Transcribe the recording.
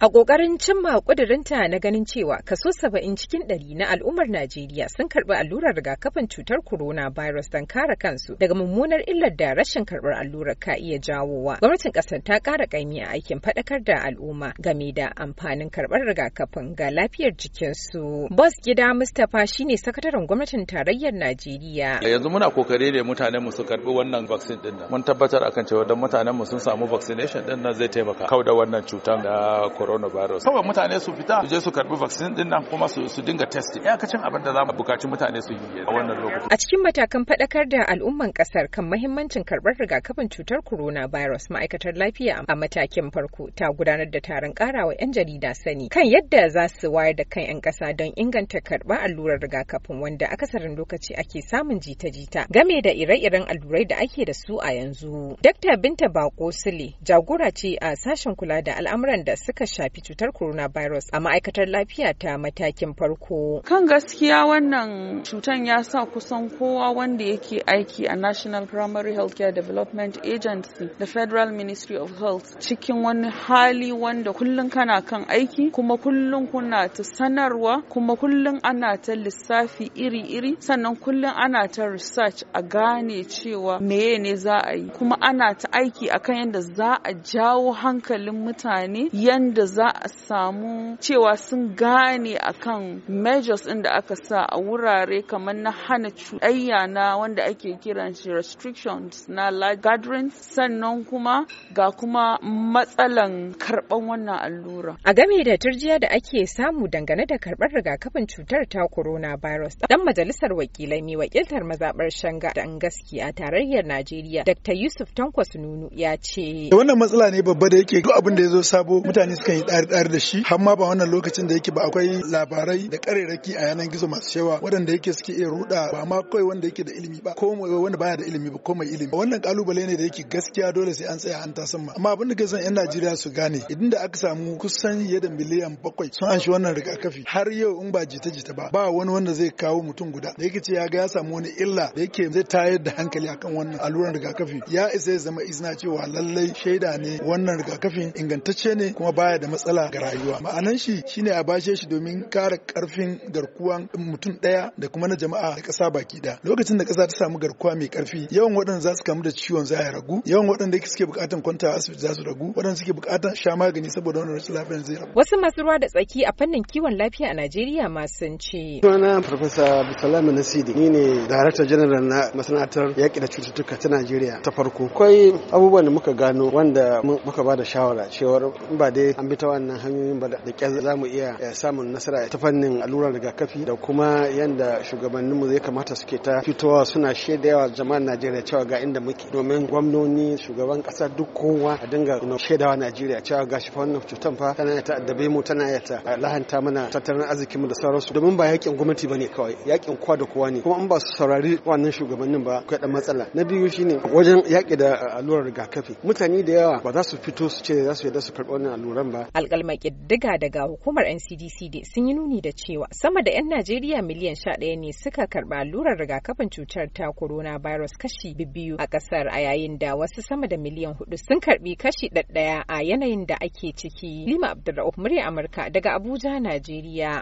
A ƙoƙarin cimma ƙudurinta na ganin cewa kaso saba'in cikin ɗari na al'ummar Najeriya sun karɓi allurar rigakafin cutar corona virus don kare kansu daga mummunar illar da rashin karɓar allurar ka iya jawowa. Gwamnatin ƙasar ta ƙara ƙaimi a aikin faɗakar da al'umma game da amfanin karɓar rigakafin ga lafiyar jikinsu. Bos Gida Mustapha shine sakataren gwamnatin tarayyar Najeriya. Eh, yanzu muna kokari ne mutanen mu su karɓi wannan vaccine ɗin nan. Mun tabbatar akan cewa don mutanen mu sun samu vaccination ɗin nan zai taimaka kauda wannan cutar da coronavirus saboda mutane su fita su je su karbi vaccine din nan kuma su su dinga testing iyakacin abin da za mu bukaci mutane su yi a wannan lokaci a cikin matakan faɗakar da al'umman ƙasar kan mahimmancin karɓar rigakafin cutar coronavirus ma'aikatar lafiya a matakin farko ta gudanar da taron wa 'yan jarida sani kan yadda za su wayar da kan 'yan ƙasa don inganta karɓar allurar rigakafin wanda akasarin lokaci ake samun jita-jita game da ire-iren allurai da ake da su a yanzu. Dr. Binta Bako Sule jagora ce a sashen kula da al'amuran da suka shafi cutar coronavirus a ma'aikatar lafiya ta matakin farko. Kan gaskiya wannan cutan ya sa kusan kowa wanda yake aiki a National Primary Healthcare Development Agency da Federal Ministry of Health cikin wani hali wanda kullum kana kan aiki kuma kullum kuna ta sanarwa kuma kullum ana ta lissafi iri-iri sannan kullum ana ta research a gane cewa meye ne za a yi kuma ana ta aiki akan yadda za a jawo hankalin mutane yanda za a samu cewa sun gane a kan measures ɗin da aka sa a wurare kamar na hana cuɗayya na wanda ake kiran shi restrictions na large gatherings sannan kuma ga kuma matsalan karɓan wannan allura. A game da turjiya da ake samu dangane da karɓar rigakafin cutar ta coronavirus dan majalisar wakilai mai wakiltar mazaɓar shanga dan gaskiya tarayyar Najeriya Dr. Yusuf Tankwas Nunu ya ce. Wannan matsala ne babba da yake duk abin da ya zo sabo mutane suka yi ɗari da shi har ma ba wannan lokacin da yake ba akwai labarai da ƙarerraki a yanar gizo masu yawa waɗanda yake suke iya ruɗa ba ma kawai wanda yake da ilimi ba ko wanda baya da ilimi ba ko mai ilimi wannan kalubale ne da yake gaskiya dole sai an tsaya an tasan ma amma abin da ke son yan Najeriya su gane idan da aka samu kusan yadda da miliyan bakwai sun an shi wannan rigakafi har yau in ba jita-jita ba ba wani wanda zai kawo mutum guda da yake ce ya ga ya samu wani illa da yake zai tayar da hankali akan wannan alluran rigakafi ya isa ya zama izina cewa lallai shaida ne wannan rigakafin ingantacce ne kuma baya da da matsala ga rayuwa ma'anan shi shine a bashe shi domin kare karfin garkuwan mutum daya da kuma na jama'a da kasa baki da lokacin da kasa ta samu garkuwa mai karfi yawan waɗanda za su kamu da ciwon za ya ragu yawan wadanda suke bukatan kwanta asibiti za su ragu waɗanda suke bukatan sha magani saboda wannan rashin lafiyar zai ragu wasu masu ruwa da tsaki a fannin kiwon lafiya a Najeriya ma sun ce sunana professor Abdulsalam Nasidi ni ne director general na masana'antar yaki da cututtuka ta Najeriya ta farko akwai abubuwan da muka gano wanda muka ba da shawara cewa ba dai an bi ta wannan hanyoyin ba da ƙyar za mu iya eh, samun nasara ta fannin allurar rigakafi da kuma yadda shugabanninmu zai kamata suke ta fitowa suna yawa jama'ar Najeriya cewa ga inda muke domin gwamnoni shugaban ƙasa duk kowa a dinga shaidawa Najeriya cewa ga shi fa wannan cutar fa tana ta addabe mu tana ya ta eh, lahanta mana tattalin mu da sauransu domin ba yakin gwamnati bane kawai yakin kowa da kowa ne kuma in ba su saurari wannan shugabannin ba akwai da matsala na biyu shine wajen yaki da eh, allurar rigakafi mutane da yawa ba za su fito su ce za su da su karɓi wannan alluran ba cewa alƙalma ƙiddiga daga hukumar ncdc sun yi nuni da cewa sama da 'yan najeriya miliyan 11 ne suka karɓa allurar rigakafin cutar ta coronavirus kashi biyu a ƙasar a yayin da wasu sama da miliyan hudu sun karɓi kashi ɗaɗɗaya a yanayin da ake ciki lima abdulrahman murya amurka daga abuja najeriya